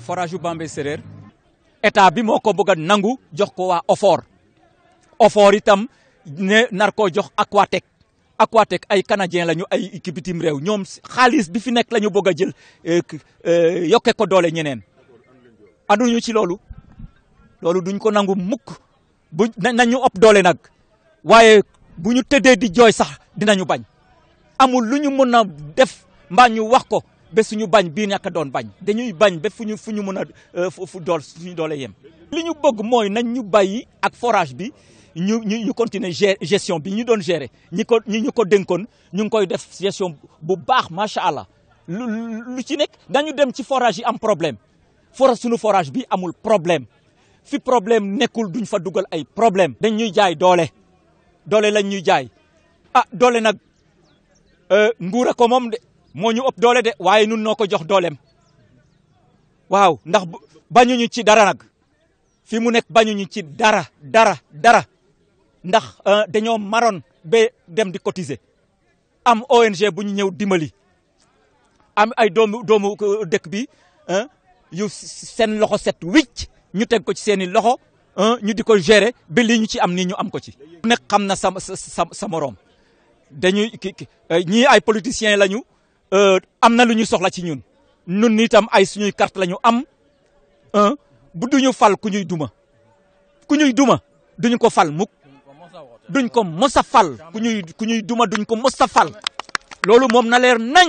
forage yu Bambey Séréer état bi moo ko bëgg a nangu jox ko waa ofoor Ofor itam ne nar koo jox Aquatec Aquatec ay canadien lañu ay équipe réew ñoom xaalis bi fi nekk la bëgg a jël eh, eh, yokke ko doole ñeneen. anduñu ci loolu loolu duñ ko nangu muk bu nañu ëpp doole nag waaye bu ñu tëddee di jooy sax dinañu bañ amul lu ñu mën a def mbaa ñu wax ko. ba suñu bañ bii ñàkk doon bañ dañuy bañ ba fu ñu fu ñu mën a euh, fu dool suñu doole yem. li ñu bëgg mooy nañ ñu bàyyi ak forage bi ñu ñu ñu continuer gestion bi ñu doon gérer ñi ko ñi ñu ko dénkoon ñu ngi koy def gestion bu baax macha allah lu ci nekk dañu dem ci forage yi am problème forage suñu forage bi amul problème fi problème nekkul duñ fa dugal ay problème dañ ñuy jaay doole doole lañ ñuy jaay ah doole nag euh, nguur a ko moom moo ñu ëpp doole de waaye nun noo ko jox dooleem waaw ndax bañuñu ci dara nag mu nekk bañuñu ci dara dara dara ndax euh, dañoo maroon ba dem di cotiser am ONG bu ñu ñëw dimbali am ay doomu doomu euh, dëkk bi euh, yu seen loxo set wicc ñu teg ko ci seeni loxo ñu di ko gérer ba ñu ci am nii ñu am ko ci. nekk xam na sa sa sa moroom dañuy ñii ay politiciens lañu. Euh, am na lu ñu soxla ci ñun ñun itam ay suñuy carte la ñu am bu duñu fal ku ñuy duma ku ñuy duma duñu ko fal mukk duñ ko mos a fal ku ñuy ku ñuy duma duñ ko mos a fal loolu moom na leer nañ